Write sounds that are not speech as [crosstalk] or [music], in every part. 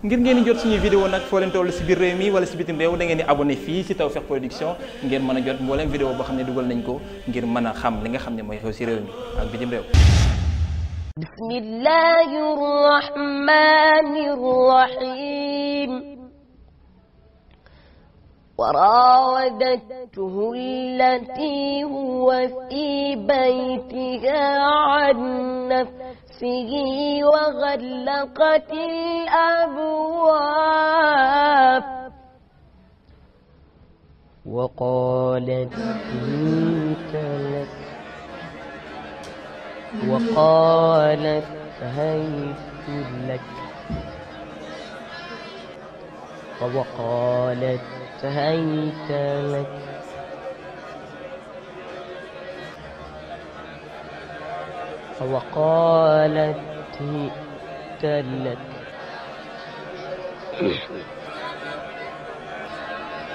ngir ngeen jot suñuy vidéo nag foo leen toll si biir réew mi wala si bitim réew da ngeen di abonné fii si Tawfekh Production ngeen mën a jot mbooleem vidéo boo xam ne dugal nañ ko ngir mën a xam li nga xam ne mooy xew si réew mi bitim réew bismillahi rahmani rahim وراودته التي هو في بيتها عن نفسه بنفسه وغلقت الأبواب وقالت هيت لك وقالت هيت لك وقالت هيت لك وقالت تلك لك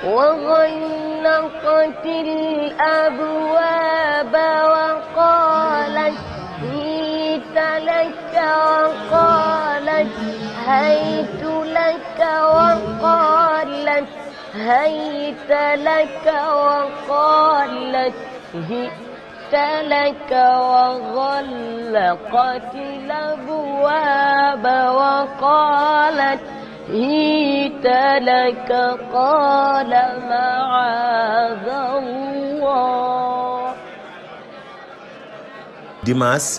وغلقت الأبواب وقالت جئت لك وقالت هيت لك وقالت هيت لك وقالت جئت dimaas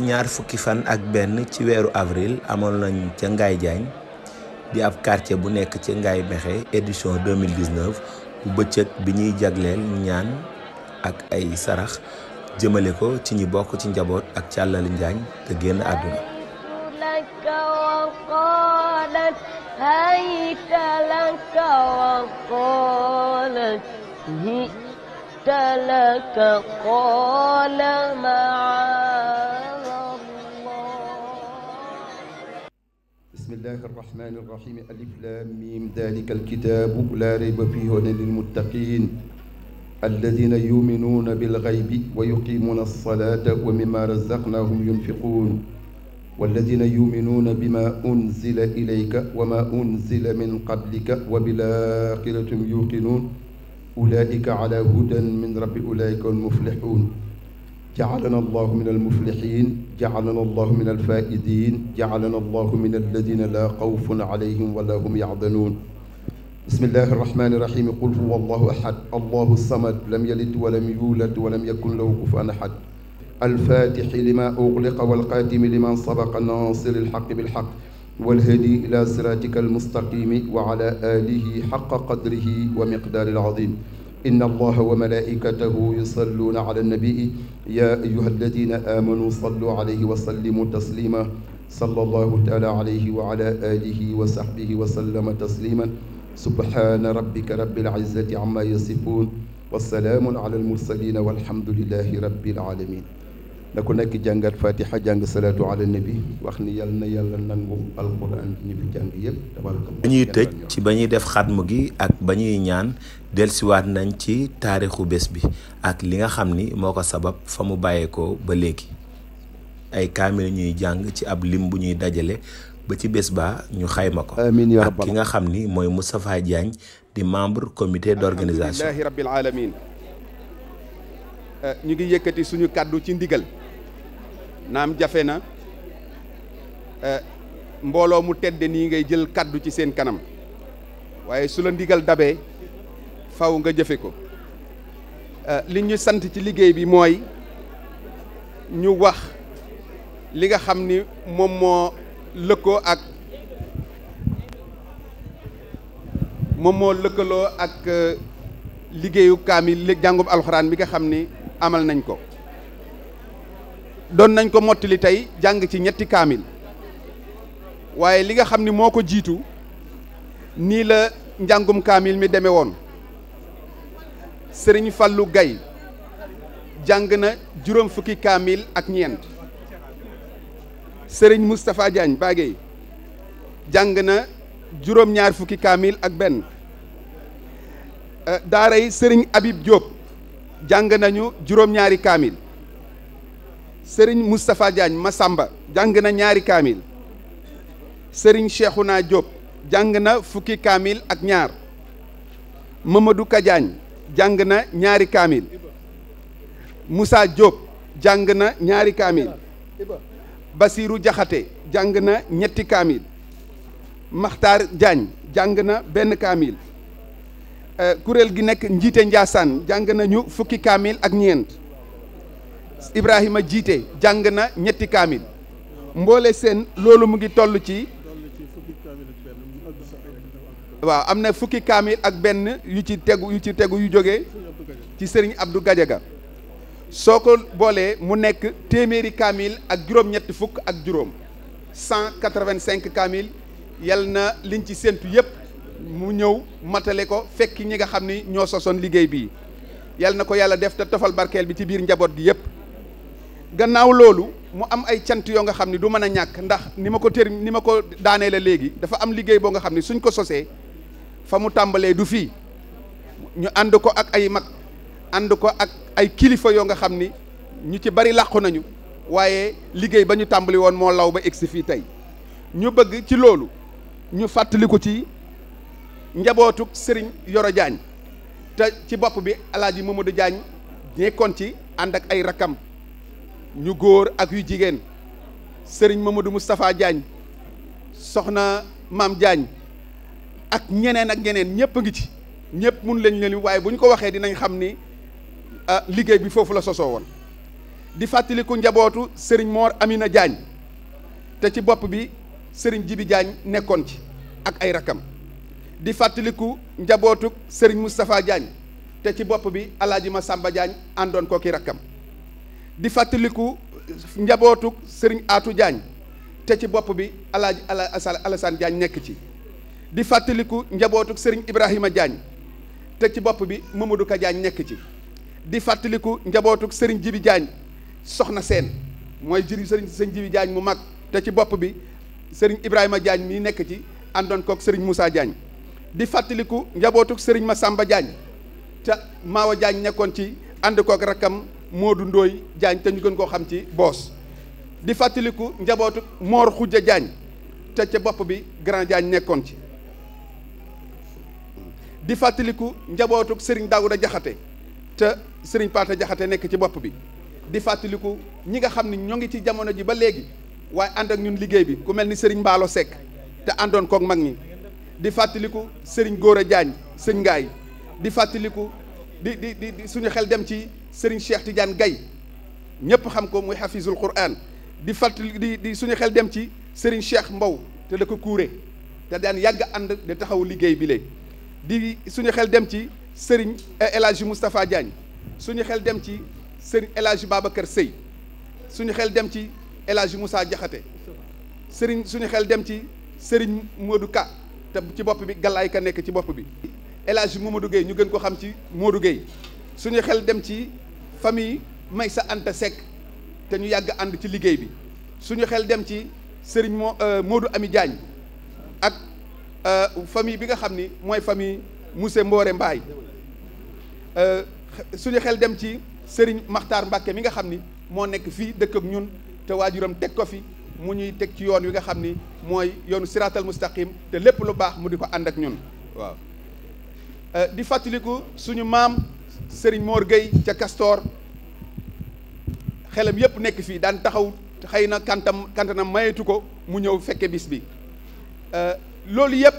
ñaar fukki fan ak benn ci weeru avril amoon nañ ca Ngaye Diagne di ab quartier bu nekk ci Ngaye bexe édition 2019 bu bëccëg bi ñuy jagleel ñaan ak ay sarax jëmale ko ci ñi bokk ci njaboot ak càllali njaañ te génn àdduna bismillahi arrahmani arrahim alif lam mim dalika alkitabu la rayba fihi hudan lilmuttaqin alladina yuminuuna bilxaybi wa yuqimuuna alsalata wa mima razaqnaahum yunfiquun walladina yuminuuna bima unzila ilayka wa ma unzila min qablika wa bilaaxirati hum yuqinuun ulaika ala hudan min rabbi ulaika almuflixuun jacalana allahu min almuflixin jacalana allahu min alfaidin jacalana allahu min alladina laa xawfun alayhim wala hum yaxzanuun bismillahi irrahmani irrahimi qul huwa allahu ahad allahu samad lam yalid walam yuulad walam yakun lahu kufuwan ahad alfatixi lima ugliqa walxaatimi liman sabaqa naasiri ilxaqi bilxaq walhadi ila siratika almustaqimi wa ala alihi xaqa qadrihi wa miqdaari alazim inna allaha wa malaikatahu yusalluuna ala annabii ya ayuha alladina aamanuu sallu alayhi wa sallimu taslima sallallahu taala alayhi wa ala alihi wa sahbihi wa sallama tasliman subhaana rabbika rabbil izzati amma yasifuun wa salaamun ala almursaliin walhamdulillahi rabbil aalamiin na ku nekk jàngat fatiha jàng salaatu ala nabi wax ni yàlla na yàlla nangu alquran bi ñu fi jàng yëpp ba ñuy tëj ci ba ñuy def xatmu gi ak ba ñuy ñaan delsiwaat nañ ci taarixu bés bi ak li nga xam ni moo ko sabab fa mu bàyyeekoo ba léegi ay kaamil ñuy jàng ci ab lim bu ñuy dajale ba ci bés baa ñu xayma ko ak ki nga xam ni mooy Moustapha Diagne di membre comité d'organisation rabbil alamin eh, ñu ngi yëkkati suñu kàddu ci ndigal naam jafe na eh, mbooloo mu tedd nii ngay jël kàddu ci seen kanam waaye su la ndigal dabee faw nga jëfe ko eh, li ñu sant ci liggéey bi mooy ñu wax li nga xam ni moom moo lëkkoo ak moom moo lëkkaloo ak euh, liggéeyu kaamil li jàngub alxuraan bi nga xam ni amal nañ ko doon nañ ko mottali tey jàng ci ñetti kaamil waaye li nga xam ni moo ko jiitu nii la njàngum kaamil mi demee woon sëriñ Fallou gay jàng na juróom fukki kaamil ak ñeent sëriñ Moustapha Diagne Baguèye jàng na juróom-ñaar fukki kaamil ak benn euh, daara sëriñ Habib Diop jàng nañu juróom-ñaari kaamil sëriñ Moustapha ma sàmba jàng na ñaari kaamil sëriñ naa Diop jàng na fukki kaamil ak ñaar Mamadou Kadiagne jàng na ñaari kaamil musaa Diop jàng na ñaari kaamil Basiiru Jaxate jàng na ñetti kaamil Maxtaar Jaañ jàng na benn kaamil euh, kuréel gi nekk njiite Njaasaan jàng nañu fukki kaamil ak ñeent Ibrahima jiite jàng na ñetti kaamil mboole seen loolu mu ngi toll ci waaw am na fukki kaamil ak benn yu ci tegu yu ci tegu yu jóge ci Sëriñ Abdou gajaga soo ko boolee mu nekk téeméeri kaamil ak juróom-ñetti fukk ak juróom cent quatre-vingt-cinq kaamil yal na liñ ci séentu yépp mu ñëw matale ko fekk ñi nga xam ni ñoo sosoon liggéey bii yal na ko yàlla def te tofal barkeel bi ci biir njaboot gi yépp gannaaw loolu mu am ay cant yoo nga xam ni du mën a ñàkk ndax ni ma ko ter ni ma ko daanee la léegi dafa am liggéey boo nga xam ni suñ ko sosee fa mu tàmbalee du fii ñu ànd ko ak ay mag ànd ko ak ay kilifa yoo nga xam ni ñu ci bari làqu nañu waaye liggéey ba ñu tàmbali woon moo law ba egsi fii tey ñu bëgg ci loolu ñu fàttaliku ci njabootuk sëriñ Yoro jaañ te ci bopp bi El Hadj Mamadou Diagne nekkoon ci ànd ak ay rakam ñu góor ak yu jigéen Serigne Mamadou Moustapha jaañ soxna maam Diagne ak ñeneen ak ñeneen ñëpp ngi ci ñëpp mun lañ leen waaye bu ñu ko waxee dinañ xam ni. ah liggéey bi foofu la sosoo woon di fàttaliku njabootu Serigne Mor Amina Diagne te ci bopp bi sëriñ Jibi Diagne nekkoon ci ak ay rakam di fàttaliku njabootu sëriñ Moustapha Diagne te ci bopp bi Alaaji Masamba Diagne àndoon ko ki rakkam di fàttaliku njabootu sëriñ aatu jaañ te ci bopp bi Alaaji Alassane Diagne nekk ci di fàttaliku njabootu Serigne Ibrahima Diagne te ci bopp bi Mamadou Ka Diagne nekk ci di fàttaliku njabootuk sëriñ Jibi Jaañ soxna seen mooy jëri sëriñ sëriñ Jibi Jaañ mu mag te ci bopp bi sëriñ Ibrahima Jaañ mi nekk ci àndoon kook sëriñ musa Jaañ di fàttaliku njabootuk sëriñ ma sàmba Jaañ te Maawa Jaañ nekkoon ci ànd kook rakkam Moodu Ndooy Jaañ te ñu gën koo xam ci boos di fàttaliku njabootuk Moor Xujja Jaañ te ca bopp bi Grand Jaañ nekkoon ci di fàttaliku njabootuk sëriñ Daawuda Jaxate te sëriñ Paata Jaxate nekk ci bopp bi di fàttaliku ñi nga xam ne ñoo ngi ci jamono ji ba léegi waaye ànd ak ñun liggéey bi ku mel ni sëriñ Mbaalo Seck te àndoon kook mag ñi di fàttaliku sëriñ Góora Jaañ sëñ Ngaay di fàttaliku di di di suñu xel dem ci sëriñ Cheikh Tidiane Gaye ñëpp xam ko muy xafisul Qur'an di fàttali di di suñu xel dem ci sëriñ Cheikh Mbow te da ko kuure te daan yàgg ànd di taxaw liggéey bi léegi di suñu xel dem ci sëriñ eh, El Hadji Moustapha suñu xel dem ci sëriñ El Hadj Babacar Seye suñu xel dem ci El Hadj Moussa Diakhaté sëriñ suñu xel dem ci sëriñ Modou Ka te ci bopp bi Galaay Ka nekk ci bopp bi. El Hadj Mamadou Gueye ñu gën ko xam ci Modou Gueye suñu xel dem ci famille Maysa Anta Seck te ñu yàgg ànd ci liggéey bi suñu xel dem ci sëriñ moo euh, Modou Ami Diagne ak euh, famille bi nga xam ni mooy famille Mousse Mbore Mbaye. Euh, suñu xel dem ci Serigne Makhtar Mbacke mi nga xam ni moo nekk fii dëkk ak ñun te waajuram teg ko fi mu ñuy teg ci yoon wi nga xam ni mooy yoonu siraatal mustaqim te lépp lu baax mu di ko ànd ak ñun waaw. Euh, di fàttaliku suñu maam sëriñ Mor Gueye ca Castor xelam yépp nekk fii daan taxaw xëy na kantam kantanam mayetu ko mu ñëw fekke bis bi euh, loolu yépp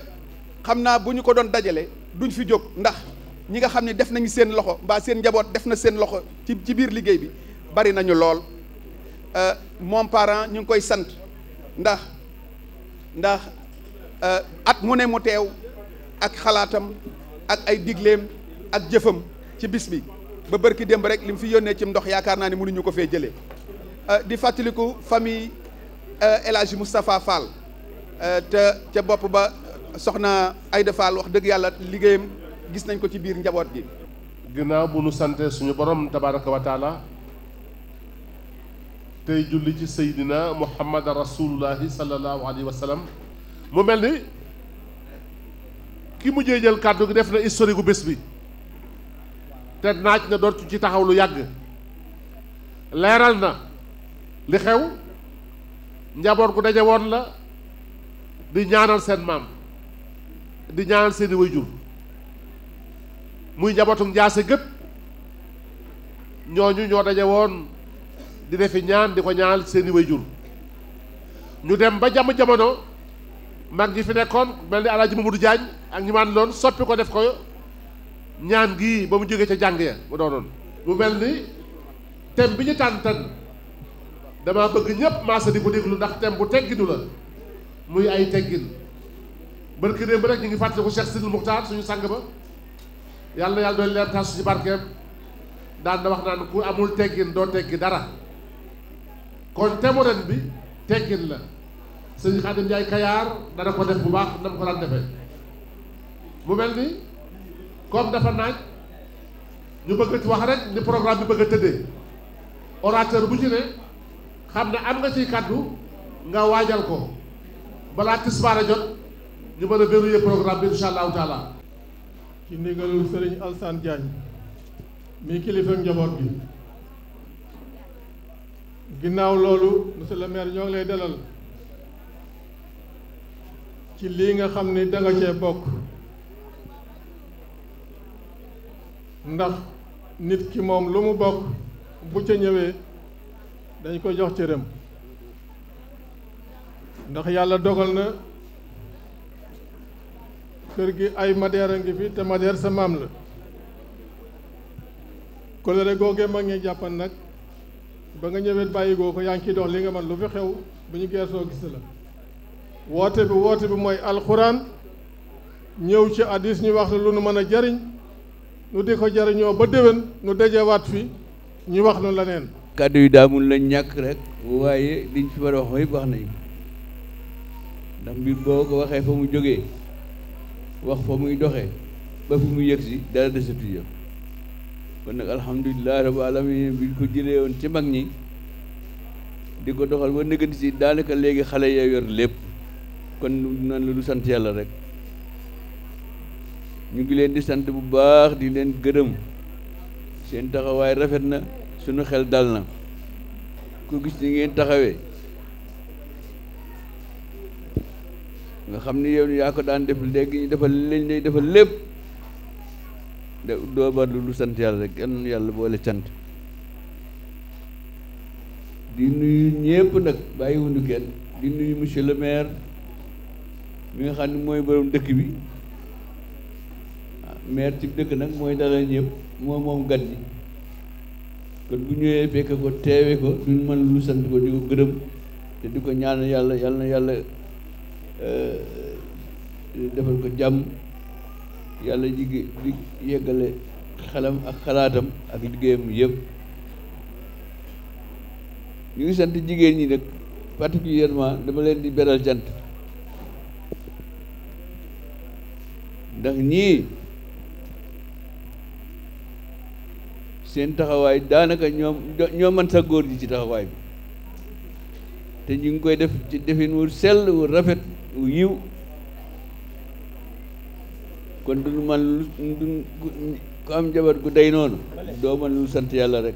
xam naa bu ñu ko doon dajale duñ fi jóg ndax. ñi nga xam ne def nañu seen loxo mbaa seen njaboot def na seen loxo ci ci biir liggéey bi bari nañu lool euh, moom parent ñu ngi koy sant ndax ndax euh, at mu ne mu teew ak xalaatam ak ay digleem ak jëfam ci bis bi ba bërki démb rek li mu fi yónnee ci ndox yaakaar naa ne ñu ko fee jëlee euh, di fàttaliku famille El Hadji Moustapha Fall te ca bopp ba soxna ay Fall wax dëgg yàlla liggéeyam gis nañ ko ci biir njaboot gi ginnaaw bu nu sante suñu borom tabaraka wa taala tey julli ci seydina muhammad rasulullahi sallallahu alayhi wa sallam mu mel ni ki mujjee jël kàddu gi def na historique gu bés bi te naaj na dootu ci taxaw lu yàgg leeral na li xew njaboot gu daje woon la di ñaanal seen maam di ñaanal seeni wayjur muy njabootum njaase gépp ñooñu ñoo daje woon di defi ñaan di ko ñaal seeni wayjur ñu dem ba jàmm jamono mag ñi fi nekkoon mel ni alaaji Mamadou Diagne ak ñi maan loon soppi ko def ko ñaan gii ba mu jógee ca jàng ya mu doonoon mu mel ni thème bi ñu tànn tànn dama bëgg ñépp maasa di ko déglu ndax thème bu tegginu la muy ay teggin barki démb rek ñu ngi fàttali ko Cheikh Sidil Muxtaar suñu sang ba yàlla yàlla doon leer tas ci barkeem daan na wax naan ku amul teggin doo teggi dara kon thème bi teggin la sëñ Xaadim Njaay Kayaar dana ko def bu baax na mu ko daan defee mu mel ni comme dafa naaj ñu bëgg ci wax rek ni programme bi bëgg a tëddee orateur bu ci ne xam ne am nga ciy kàddu nga waajal ko balaa tis a jot ñu mën a yëpp programme bi incha allahu taala ci ndigalul sëriñ Alsaan Diagne mi kilifa njaboot bi ginnaaw loolu monsieur le ñoo lay dalal ci lii nga xam ni danga cee bokk ndax nit ki moom lu mu bokk bu ca ñëwee dañ ko jox cëram ndax yàlla dogal na kër gi ay Madeer a ngi fi te Madeer sa maam la kolere googee mag ñi jàppan nag ba nga ñëwee bàyyi goo ko yaa ngi ciy dox li nga man lu fi xew bu ñu soo gis la woote bi woote bi mooy alxuraan ñëw ci addis ñu wax lu nu mën a jariñ nu di ko jariñoo ba déwén nu dajewaat fi ñu wax nu leneen kàddu yu daamul lañ ñàkk rek waaye liñ fi war a wax mooy wax nañ ndax mbir boo ko waxee fa mu jógee wax fa muy doxee ba fi muy yëg dara desatu ya kon nag alhamdulilah rabbil alamin bi ñu ko jëlee woon ci mag ñi di ko doxal ba nëgënd si daanaka léegi xale ya yor lépp kon nan la sant yàlla rek ñu ngi leen di sant bu baax di leen gërëm seen taxawaay rafet na sunu xel dal na ku gis ni ngeen taxawee nga xam ni yow yaa ko daan def léegi ñu defal lañ lay defal lépp doo bar lu sant yàlla rek kenn yàlla boole cant di nuyu ñépp nag bàyyiwuñu kenn di nuyu monsieur le maire mi nga xam ni mooy borom dëkk bi ah, maire ci dëkk nag mooy dalal ñëpp moom moom gan ñi kon bu ñëwee fekk ko teewe ko duñ mën lu sant ko di ko gërëm te di ko ñaanal yàlla yàlla yàlla Euh, euh, defal ko jàmm yàlla jigé di yeggale xelam ak xalaatam ak liggéeyam yépp ñu ngi sant jigéen ñi nag particulièrement dama leen di beral jant ndax ñii seen taxawaay daanaka ñoom ñoo man sa góor ji ci taxawaay bi te ñu ngi koy def ci defin wu sell wu rafet yiw kon du man lu ku am njaboot gu day noonu doo man lu sant yàlla rek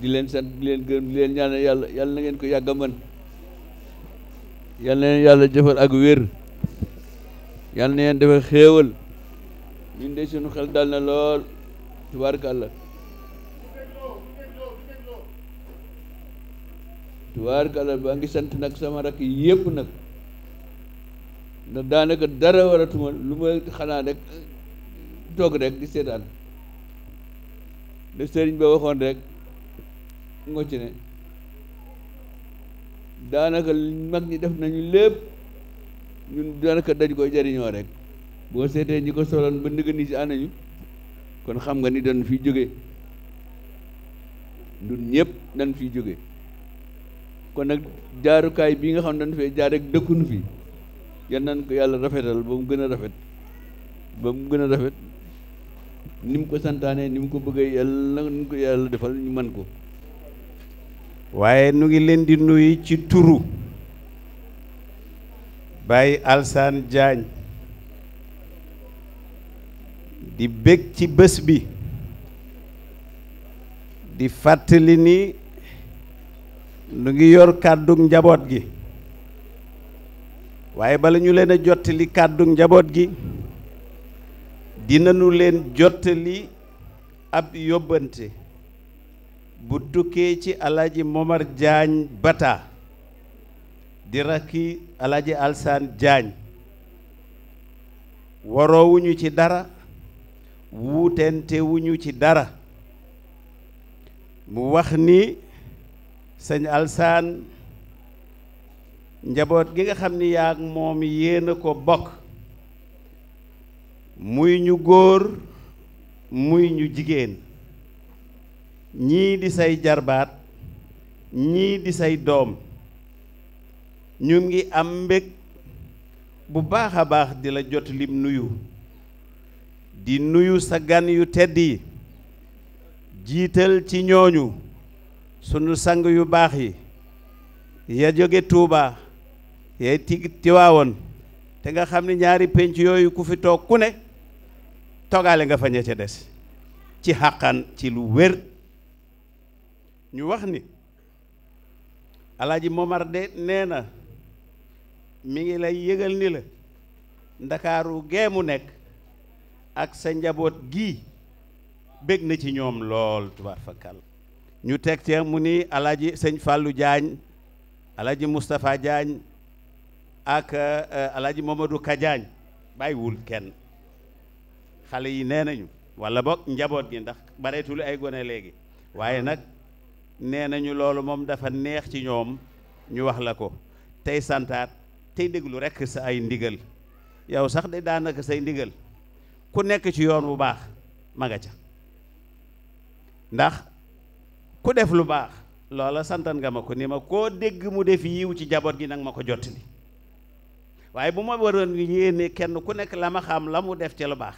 di leen sant di leen gërëm di leen ñaanal yàlla yàlla na ngeen ko yàgg a yàlla na yàlla jëfal ak wér yàlla na ngeen defal xéewal ñun de suñu xel dal na lool tubaarkàlla tubaarkala baa ngi sant nag sama rakk yëpp nag ndax daanaka dara waratuma lu ma xanaa rek toog rek di seetaan de sëriñ ba waxoon rek ngocc ne daanaka mag ñi def nañu lépp ñun daanaka dañ koy jariñoo rek boo seetee ñi ko soloon ba ndëgg ni si anañu kon xam nga ni dañ fi jóge ñun ñëpp dañ fi jóge kon nag jaarukaay bii nga xam ne dañ fee jaar rek dëkkun fi yan nan ko yàlla rafetal ba mu gën a rafet ba mu gën a rafet ni mu ko santaane ni mu ko bëggee yàlla na ko yàlla defal ñu man ko waaye nu ngi leen di nuyu ci turu Baye Alsaan Jaañ di bég ci bés bi di fàttali ni nu ngi yor kàddu njaboot gi waaye bala ñu leen a jottali kàddu njaboot gi dina nu leen jottali ab yóbbante bu tukkee ci alaaji Momar Jaañ Bata di rakki alaaji Alsaan Jaañ waroowuñu ci dara wuutente ci dara mu wax ni sëñ Alsaan njaboot gi nga xam ni yaag moom yéen a ko bokk muy ñu góor muy ñu jigéen ñii di say jarbaat ñii di say doom ñu ngi am mbég bu baaxa baax di la jot lim nuyu di nuyu sa gan yu tedd yi jiital ci ñooñu sunu sang yu baax yi ya jóge Tuuba yay ti tiwaawoon te nga xam ne ñaari pénc yooyu ku fi toog ku ne togaale nga fa ña ca des ci xàqan ci lu wér ñu wax ni alaaji Momar de nee na mi ngi lay yëgal ni la ndakaaru geemu nekk ak sa njaboot gii bég na ci ñoom lool tubaar fa kàll ñu teg cee mu ni alaji sëñ Fallou jaañ alaji Moustapha Diagne ak eh, alaji Mamadou Ka Diagne bàyyiwul kenn xale yi nee nañu wala boog njaboot gi ndax bareetul ay gone léegi waaye ah. nag nee nañu loolu moom dafa neex ci ñoom ñu wax la ko tey santaat tey déglu rekk sa ay ndigal yow sax de daanaka say ndigal ku nekk ci yoon wu baax ma nga ca ndax ku def lu baax loola santan nga ma ko ni ma koo dégg mu def yiw ci jaboot gi nag ma ko jottali waaye bu ma waroon yéene kenn ku nekk la ma xam la mu def ca lu baax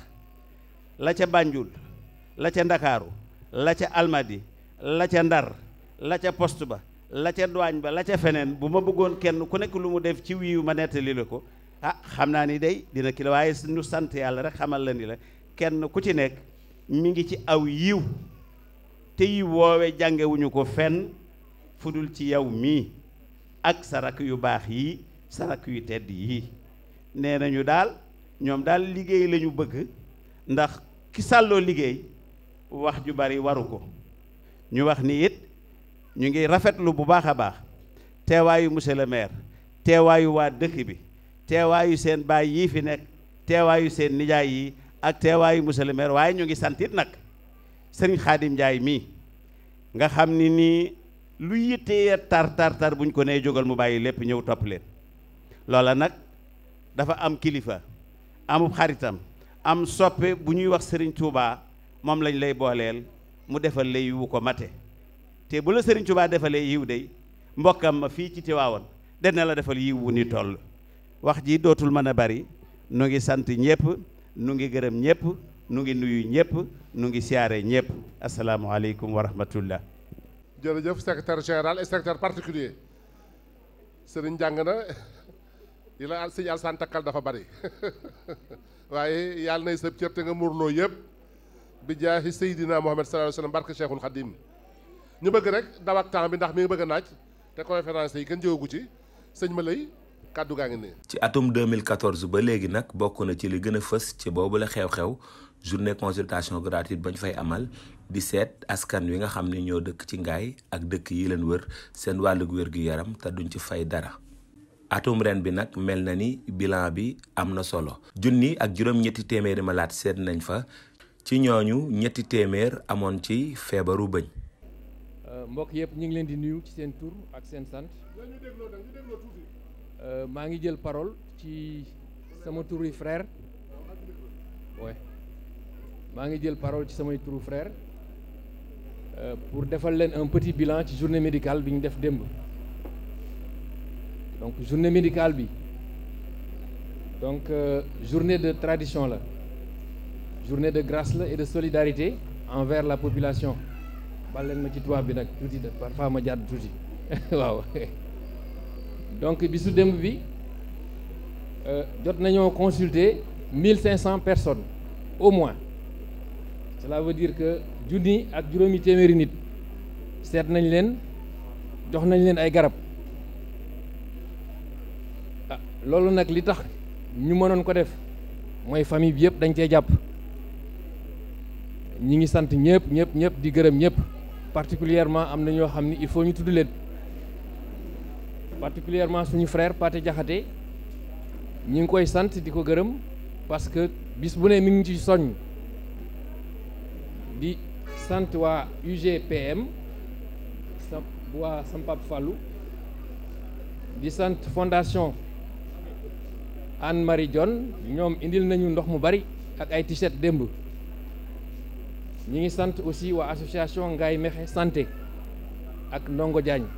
la ca bànjul la ca Ndakaaru la ca Almadi la ca Ndar la ca post ba la ca duwaañ ba la ca feneen bu ma bëggoon kenn ku nekk lu mu def ci wiiw ma nettali la ko ah xam naa ni dey dina ki la waaye ñu sant yàlla rek xamal la ni la kenn ku ci nekk mi ngi ci aw yiw te tey woowe jàngewuñu ko fenn fu dul ci yow mii ak sa yu baax yi sa rakk yu tedd yii nee nañu daal ñoom daal liggéey lañu bëgg ndax ki sàlloo liggéey wax ju bari waru ko ñu wax ni it ñu ngi rafetlu bu baax a baax teewaayu monsieur le maire teewaayu waa dëkk bi teewaayu seen baay yii fi nekk teewaayu seen nijaay yi ak teewaayu monsieur le maire waaye ñu ngi santit nag sëriñ xaadim njaay mii nga xam ni nii lu yittee tar tar tar buñ ko nee jógal mu bàyyi lépp ñëw topp leen loola nag dafa am kilifa amub xaritam am soppe bu ñuy wax sëriñ Touba moom lañ lay booleel mu defal la yiwu ko mate te bu la sëriñ Touba defalee yiw dey mbokkam ma fii ci Tiwaawan dana la defal yiw wu ni toll wax ji dootul mën a bari nu ngi sant ñëpp nu ngi gërëm ñëpp nu ngi nuyu ñëpp nu ngi siyaare ñëpp asalaamualeykum wa rahmatullah jërëjëf secrétaire général et secrétaire particulier sëriñ jàng na yi la sëñ Alsaan takkal dafa bari [laughs] waaye yàlla nay sëb cër te nga muurloo yëpp bi jaahi Seydina Muhammad sallallahu alayhi wa sallam barke Cheikhul Khadim ñu bëgg rek daw bi ndax mi bëgg a naaj te conférence yi kenn jëwagu ci sëñ ma lay kàddu gaa ngi nii. ci atum 2014 ba léegi nag bokk na ci li gën a fës ci boobu la xew-xew journée consultation gratuite ba ñu fay amal di seet askan wi nga xam ne ñoo dëkk ci ngaay ak dëkk yi leen wër seen wàllug wér-gu-yaram te duñ ci fay dara atum ren bi nag mel na ni bilan bi am na solo junni ak juróom-ñetti téeméeri malaat seet nañ fa ci ñooñu ñetti téeméer amoon ci feebaru bëñ euh, mbokk yëpp ñu ngi leen di nuyu ci seen tour ak seen sant euh, maa ngi jël parole ci sama turu frère maa ngi jël parole ci samay turu frère euh, pour defal leen un petit bilan ci journée médical bi ñu def démb donc journée médicale bi donc euh, journée de tradition la journée de grâce la et de solidarité envers la population bal leen ma ci tubaab bi nag tuuti de parfois ma jàdd tuuti [laughs] waaw donc bisu démb bi euh, jot nañoo consulter mille cinq cent personnes au moins cela veut dire que junni ak juróomi téeméeri nit seet nañ leen jox nañ leen ay garab ah loolu nag li tax ñu mënoon ko def mooy famille bi yëpp dañ cee jàpp ñi ngi sant ñëpp ñëpp ñëpp di gërëm ñëpp particulièrement am na ñoo xam ni il faut ñu tudd leen particulièrement suñu frère Pathé Diakhaté ñi ngi koy sant di ko gërëm parce que bis bu ne mi ngi ci soññ di sant waa UGPM sa waa Sampap di sant fondation Anne Marie Dione ñoom indil nañu ndox mu bari ak ay t-shirt démb ñi ngi sant aussi waa association ngay mexe santé ak Ndongo Diagne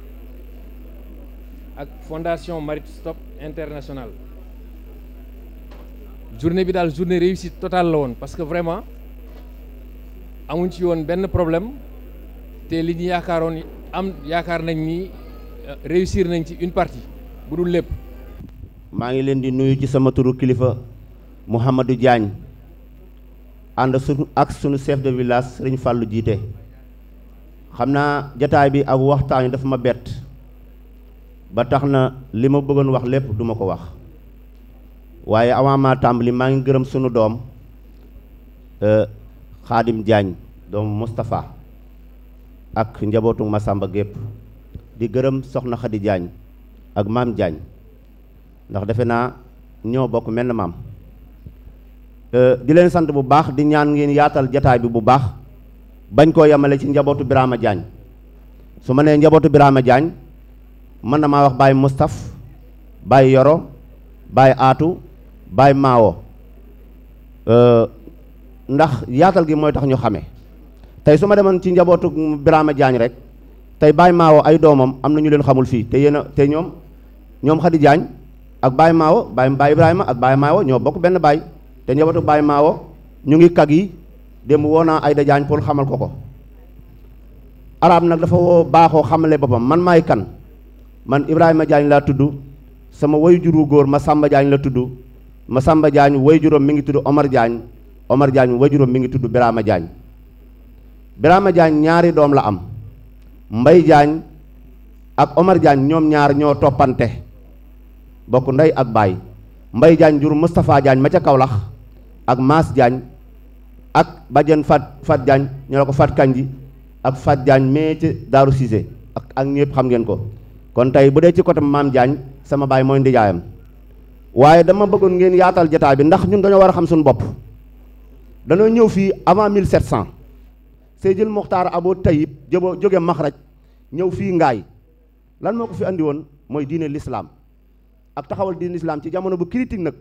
ak fondation Marie Stopes International journée bi daal journée réussite totale la woon parce vraiment amuñ ci woon benn problème te li ñu yaakaaroon am yaakaar nañ ni euh, réussir nañ ci une partie bu dul lépp. maa ngi leen di nuyu ci sama turu kilifa Mouhamadou Diagne ànd suñu ak sunu chef de village Serigne Fallou jiite xam naa jataay bi ak waxtaan yi dafa ma bett ba tax na li ma bëggoon wax lépp duma ko wax waaye avant ma tàmbali maa ngi gërëm sunu doom. Euh, xaadim jaañ doomu Moustapha ak njabootu ma Masamba gépp di gërëm soxna Khady Diagne ak maam jaañ ndax defe naa ñoo bokk mel na maam euh, di leen sant bu baax di ñaan ngeen yaatal jataay bi bu baax bañ koo yamale ci njabootu Birama Diagne su ma nee njabootu biraama jaañ mën na maa wax Baye Moustapha baay Yoro baay Aatu baay Maawo euh, ndax yaatal gi mooy tax ñu xamee tey su ma demoon ci njabootu Birama jaañ rek tey baay Maawo ay doomam am na ñu leen xamul fii te yéen a te ñoom ñoom Khady jaañ ak baay Maawo Baye Baye Ibrahima ak baay Maawo ñoo bokk benn baay te njabootu Baye Maawo ñu ngi kag yi démb woo naa Ayda Diagne pour xamal ko ko arab nag dafa woo baaxoo xamale boppam man maay kan man Ibrahima Diagne laa tudd sama way juru góor Masamba Diagne la tudd Masamba Diagne way juróom mi ngi tudd Omar Diagne Omar Diagne wajuram mi ngi tudd Birama Diagne Birama Diagne ñaari doom la am Mbay Diagne ak Omar Diagne ñoom ñaar ñoo toppante bokk nday ak baay Mbay Diagne jur Moustapha Diagne ma ca Kawlax ak Maas Diagne ak Badiane Fat Fat Diagne ñu ko Fat Kanji ak Fat Diagne mee ci Daaru Cissé ak ak ñëpp xam ngeen ko kon tey bu dee ci côté Maam Diagne sama baay mooy ndijaayam waaye dama bëggoon ngeen yaatal jotaay bi ndax ñun dañoo war a xam suñu bopp. dañoo ñëw fii avant 1700 Seydil Mokhtar Abo Tayib jëbo jóge Maxraj ñëw fii Ngaay lan moo ko fi andi woon mooy diine lislaam ak taxawal diine l'islam ci jamono bu critique nag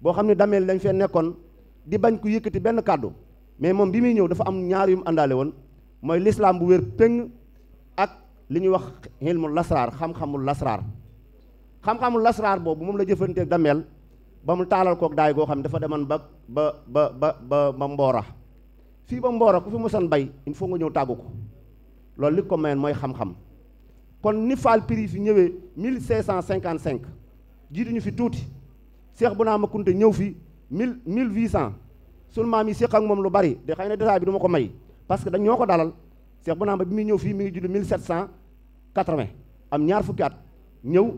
boo xam ne dameel dañ fee nekkoon di bañ ku yëkkati benn kàddu mais moom bi muy ñëw dafa am ñaar yu mu àndaale woon mooy l'islam bu wér péng ak li ñuy wax xilmu lasraar xam-xamul lasraar xam-xamul lasraar boobu moom la jëfante dameel ba mu taalal kook daay goo xam ne dafa demoon ba ba ba ba ba ba mboora fii ba mboora ku fi mosan bay il faut nga ñëw tàggu ko loolu li ko mayoon mooy xam-xam kon ni Fall Piri fi ñëwee 1555 jiitu ñu fi tuuti Cheikh Bounama Kounta ñëw fi 1000 1800 sunu maam yi seq ak moom lu bari de xëy na détail bi du ma ko may parce que dañ ñoo ko dalal Cheikh Bounama bi muy ñëw fii mi ngi judd 1780 am ñaar fukki at ñëw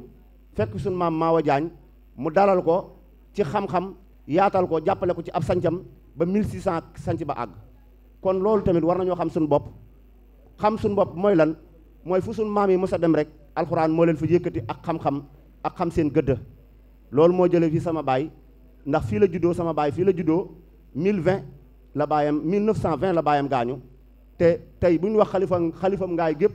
fekk sunu maam Maawa Jaañ mu dalal ko. ci xam-xam yaatal ko jàppale ko ci ab sancam ba 1600 sanc ba àgg kon loolu tamit war nañoo xam suñu bopp xam suñu bopp mooy lan mooy fu suñu maam yi mës dem rek alxuraan moo leen fa yëkkati ak xam-xam ak xam seen gëdd loolu moo jëlee fii sama baay ndax fii la juddoo sama baay fii la juddoo 1020 la baayam 1920 la baayam gaañu te tey bu ñu wax xalifa xalifam ngaay gépp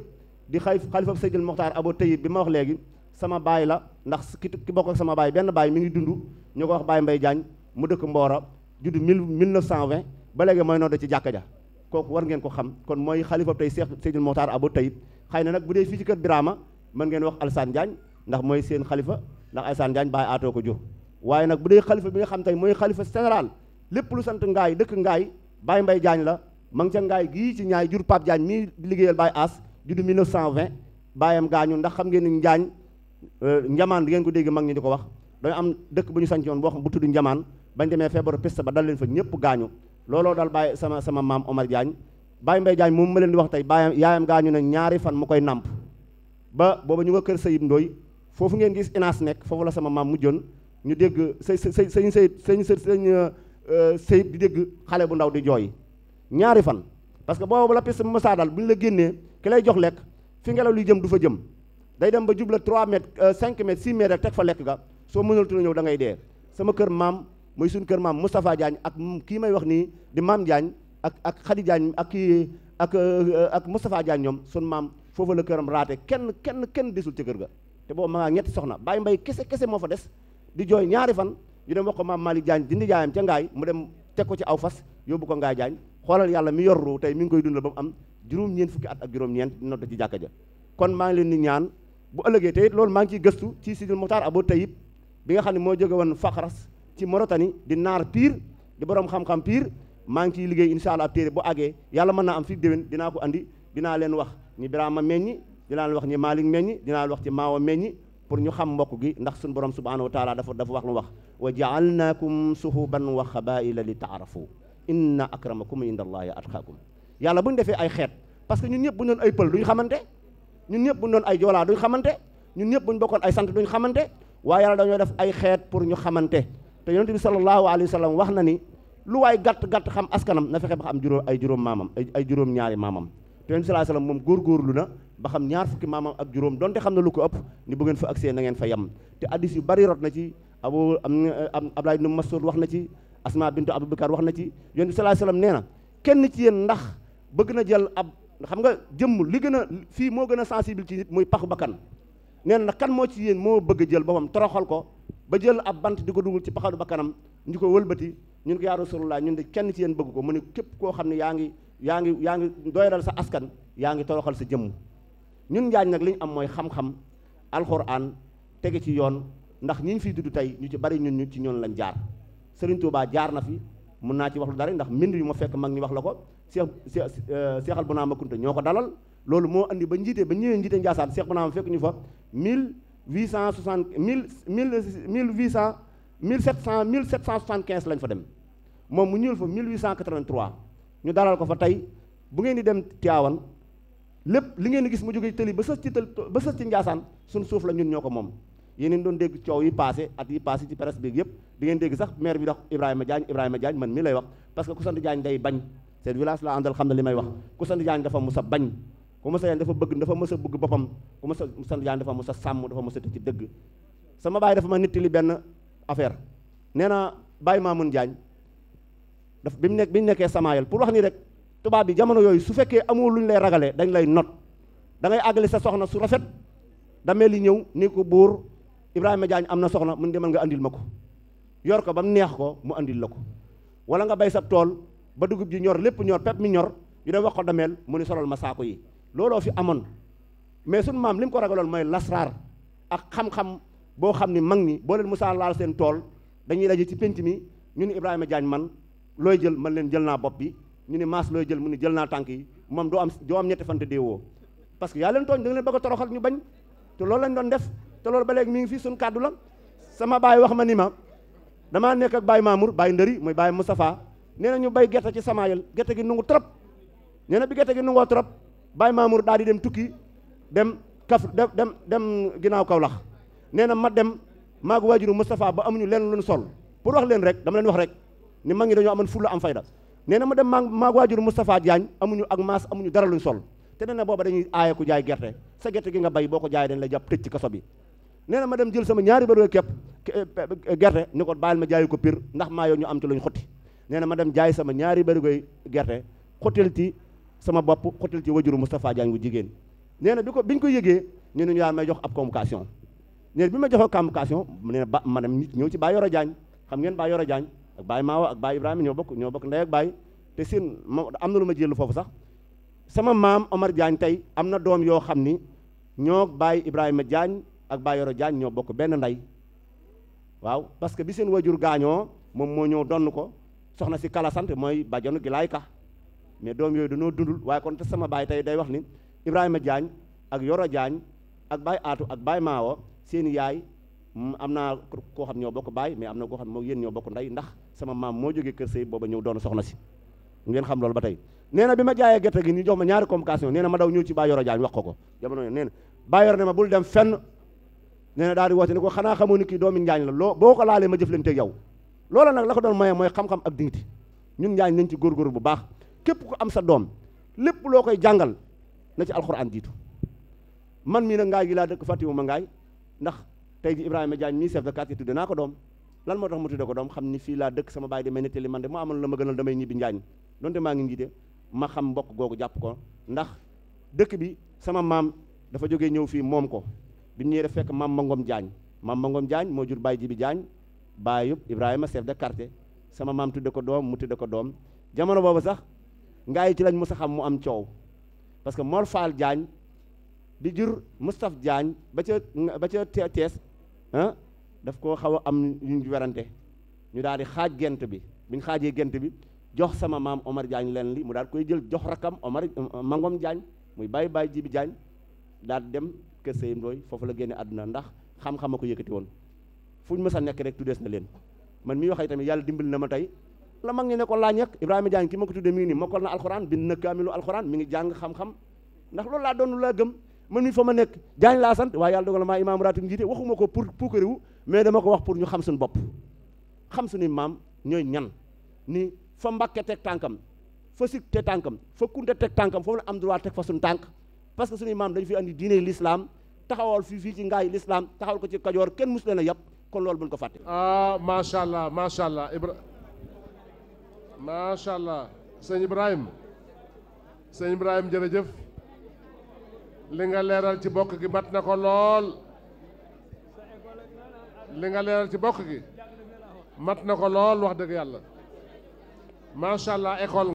di xay xalifam Seydil Mokhtar Abo Tayib bi ma wax léegi sama baay la ndax ki ki bokk ak sama baay benn baay mi ngi dund ñu ko wax baay mbay Diagne mu dëkk Mbora judd mille mille neuf cent vingt ba léegi mooy nodd ci jàkka ja kooku war ngeen ko xam kon mooy xalifa tey Cheikh Seydil Mokhtar Abou Taïb xëy na nag bu dee fii ci kër Birama mën ngeen wax Alassane Diagne ndax mooy seen xalifa ndax Alassane Diagne baay aatoo ko jur waaye nag bu dee xalifa bi nga xam tey mooy xalifa général lépp lu sant ngaay dëkk ngaay Baye Mbaye Diagne la ma ngi ca ngaay ci ñaay jur Pape Diagne mii liggéeyal Baye As judd 1920 baayam gaañu ndax xam ngeen ni Diagne Euh, njamaan di ngeen ko dégg mag ñi di ko wax dañu am dëkk bu ñu sancoon boo xam bu tudd njamaan bañ demee feebaru piste ba dal leen fa ñëpp gaañu looloo dal bàyyi sama sama maam Omar Diagne bàyyi mbay Diagne moom ma leen di wax tey bàyyam yaayam gaañu na ñaari fan mu koy namp ba booba ñu nga kër Sayib Ndoy foofu ngeen gis inaas nekk foofu la sama maam mujjoon ñu dégg sa sa sëñ Sayib sëñ Sayib di dégg xale bu ndaw di jooy ñaari fan parce que boobu la piste bu ma saadal bu ñu la génnee jox lekk fi ngelaw luy jëm du jëm day dem ba jubla 3 mètres 5 euh, mètres teg fa lekk ga soo mënaltu la ñëw da ngay dee sama kër maam muy suñu kër maam Moustapha Diagne ak kii may wax nii di maam Diagne ak ak Khady jaañ ak kii ak euh, ak Moustapha ñoom sun maam foofu la këram raate kenn kenn kenn desul ci kër ga te boo ma ngaa ñetti soxna baay mbay kese kese moo fa des di jooy ñaari fan ñu dem wax ko maam maali Diagne dindi jaayam ca ngaay mu dem teg ko ci aw fas yóbbu ko ngaay Diagne xoolal yàlla mi yor ru tey mi ngi koy dundal ba am juróom-ñeent fukki at ak juróom-ñeent nodd ci jàkka ja bu ëllëgee te it loolu maa ngi ciy gëstu ci Sidil Muxtaar Abu Tayib bi nga xam ne moo jóge woon Faxras ci Mauritanie di naar pire di borom xam-xam pire maa ngi ciy liggéey incha allah ab téere bu àggee yàlla mën naa am fii déwén dinaa ko andi dinaa leen wax ñi Birama meññi dinaa leen wax ñi Malick meññi dinaa leen wax ci Maawa meññi pour ñu xam mbokk gi ndax suñu borom subhanahu wa taala dafa dafa wax lu wax wa jaalnaakum suhuban wa xabaila li taarafu inna akramakum inda allahi atqaakum yàlla bu ñu defee ay xeet parce que ñun ñëpp bu ñu doon ay xamante ñun ñëpp buñ doon ay joolaa duñ xamante ñun ñëpp buñ bokkoon ay sant duñ xamante waa yàlla dañoo def ay xeet pour ñu xamante te yonent bi sallallahu alayhi wa wax na ni lu waay gàtt gàtt xam askanam na fexe ba xam juróom ay juróom maamam ay juróom ñaari maamam te yonent bi sallallahu alayhi wa sallam moom góorgóorlu na ba xam ñaar fukki maamam ak juróom donte xam na lu ko ëpp ni bu ngeen fa agsee na ngeen fa yem te addis yu bari rot na ci abu am Abdullah ibn Mas'ud wax na ci Asma bintu Abubakar wax na ci yonent bi sallallahu alayhi wa sallam na ci yéen ndax bëgg na jël ab xam nga jëmmu li gën a fii moo gën a sensible ci nit muy paxu bakkan nee na kan moo ci yéen moo bëgg jël boppam toroxal ko ba jël ab bant di ko dugal ci paxadu bakkanam ñu ko wëlbati ñun ko yaa rasulullah ñun de kenn ci yéen bëgg ko mu ne képp koo xam ne yaa ngi yaa ngi yaa ngi doyadal sa askan yaa ngi toroxal sa jëmm ñun njaañ nag li am mooy xam-xam alxuraan tege ci yoon ndax ñi ñu fiy dudd tey ñu ci bari ñun ñu ci ñoon lañ jaar Serigne Touba jaar na fi mun naa ci wax lu dara ndax mbind ñu ma fekk mag ñi wax la ko seex seexal euh, bu naa ma kunta ñoo ko dalal loolu moo andi ba njiite ba ñëwee njiite Njaasaan seex bu naa ma fekk ñu fa 1860 mille mille mille huit cent mille sept cent mille sept cent soixante quinze lañ fa dem moom mu ñuul fa mil 1883 ñu dalal ko fa tey bu ngeen di dem Tiwaawan lépp li ngeen di gis mu jóge tëli ba sës ci tël ba sës ci Njaasaan suñ suuf la ñun ñoo ko moom yéen doon dégg coow yi passé at yi passé ci presse bi yëpp di ngeen dégg sax maire bi dox Ibrahima Diagne Ibrahima Diagne man mii lay wax parce que ku sant Diagne day bañ seen village la àndal xam na li may wax ku sant Diagne dafa mës a bañ ku mës a dafa dafa mës a bëgg boppam ku mës a a sàmm dafa mës a ci dëgg sama baay dafa ma nettali benn affaire nee na Baye Mamoun Diagne daf bi mu nekk bi ñu nekkee Samaayel pour wax ni rek tubaab bi jamono yooyu su fekkee amoo lu ñu lay ragalee dañ lay not da ngay sa soxna su rafet damee li ñëw ni ko buur Ibrahima Diagne am na soxna mun demal nga andil ma ko yor ko ba mu neex ko mu andil la ko wala nga bay sab tool ba dugub ji ñor lépp ñor pepp mi ñor ñu dem wax ko dameel mu ni solal ma saako yi looloo fi amoon mais suñ maam li mu ko ragaloon mooy lasraar ak xam-xam boo xam ni mag ñi boo leen musaa laal seen tool dañuy daje ci pénc mi ñu ni Ibrahima Diagne man looy jël man leen jël naa bopp bi ñu ni maas looy jël mu ni jël naa tànk yi moom doo am doo am ñetti fante déewoo parce que yaa leen tooñ da nga leen toroxal ñu bañ te loolu lañ doon def te loolu ba mi ngi fii suñ kàddu la sama baay wax ma ni ma damaa nekk ak baay Mamour baay Ndëri muy baay Moustapha nee na ñu bay gerte ci samaayel gerte gi nungu trop nee na bi gerte gi nungoo trop baay Mamour daal di dem tukki dem kaf dem dem dem ginnaaw lax nee na ma dem maag waajuru Moustapha ba amuñu leen luñ sol pour wax leen rek dama leen wax rek ni mag ñi dañoo amoon fulla am fayda nee na ma dem maag maag waajuru Moustapha Diagne amuñu ak maas amuñu dara luñ sol te nee na booba dañuy aaye gerte sa gerte gi nga bay boo ko jaayee dañ jàpp tëj ci kaso bi nee na ma dem jël sama ñaari bërigo kepp eh, eh, gerte ni ko bàyyil ma jaayi ko pir ndax maa yow ñu am ci luñ xotti nee na ma dem jaay sama ñaari bërigoy gerte xottil ci sama bopp xottil ci wajuru Moustapha Diagne bu jigéen nee na bi ko biñ ko yëgee ñu ne ñu yaa may jox ab convocation nee bi ma joxee convocation nee na ba ma dem nit ñëw ci Baye a jaañ xam ngeen Baye Yoro Diagne ak Baye Maawa ak Baye Ibrahima ñoo bokk ñoo bokk ndey baay te seen am na lu ma jël foofu sax sama maam Omar Diagne tey am na doom yoo xam ni ñoo Baye Ibrahima Diagne ak Bayoro Diagne ñoo bokk benn ndey waaw parce que bi seen wajur gaañoo moom moo ñëw donn ko soxna si kala sant mooy bajonu gi laay ka mais doom yooyu noo dundul waaye kon te sama baay tey day wax ni Ibrahima Diagne ak Yoro Diagne ak Baye Aatu ak Baye Maawo seen yaay mm, am naa koo xam ñoo bokk baay mais am na koo xam moo yéen ñoo bokk ndey ndax sama maam moo jógee kër booba ñëw doon soxna si ngeen xam loolu ba tey nee na bi ma jaayee gerte gi ñu jox ma ñaari convocation nee na ma daw ñëw ci wax ko ko nee na daal di woote ni ko xanaa xamoo ni kii doomi njaañ la loo boo ko laalee ma jëflanteeg yow loola nag la ko doon maye mooy xam-xam ak dignité ñun njaañ nañ ci góorgóorlu bu baax képp ku am sa doom lépp loo koy jàngal na ci alxuraan jiitu man mii na ngaay gi laa dëkk fàttiwu ma ngaay ndax tey ji Ibrahima Diagne mii chef de quartier tudde naa ko doom lan moo tax mu tudde ko doom xam ni fii laa dëkk sama baay damay nettali man de moo amoon la ma gënal damay ñibbi njaañ donte maa ngi njiite ma xam mbokk googu jàpp ko ndax dëkk bi sama maam dafa jógee ñëw fii moom ko bi ñu ñëwee fekk maam Mangom Diagne maam Mangom jaañ moo jur Baye Jibi Diagne baayub Ibrahima chef de quartier sama maam tudde ko doom mu de ko doom jamono boobu sax ngaa ci lañ mos a xam mu am coow parce que Mor Fall di bi jur Moustapha Diagne ba ca ba ca Thiès ah daf koo xaw a am ñu werante ñu daal di xaaj gent bi bi ñu xaajee gent bi jox sama maam Omar Diagne leen li mu daal koy jël jox rakam Omar Mangom Diagne muy bàyyi bàyyi jibi Diagne daal dem kër Seyim Ndooy foofu la génne àdduna ndax xam-xam a ko yëkkati woon fu ñu mës a nekk rek tuddees na leen man mi waxee tamit yàlla dimbali na ma tay la mag ñi ne laa ñekk Ibrahima Diagne ki ma ko tuddee mi ngi nii mokkal na alxuraan bind na kaamilu alxuraan mi ngi jàng xam-xam ndax loolu laa doon laa gëm man mi fa ma nekk Diagne laa sant waa yàlla dogal maa imaam ratib jiite waxuma ko pour puukariwu mais dama ko wax pour ñu xam suñu bopp xam suñu maam ñooy ñan ni fa Mbàkke teg tànkam fa Sik teg tànkam fa Kunta teg tànkam foofu la am droit teg fa suñu tànk parce que suñuy maam dañ fi andi diine l'islam taxawal fii fii ci ngaay l'islam taxawal ko ci kajoor kenn mus leen a yàpp kon loolu buñ ko fàtte. ah macha allah macha allah Ibra macha allah sëñ Ibrahima sëñ Ibrahima jërëjëf li nga leeral ci bokk gi mat na ko lool li nga leeral ci bokk gi mat na ko lool wax dëgg yàlla macha allah école.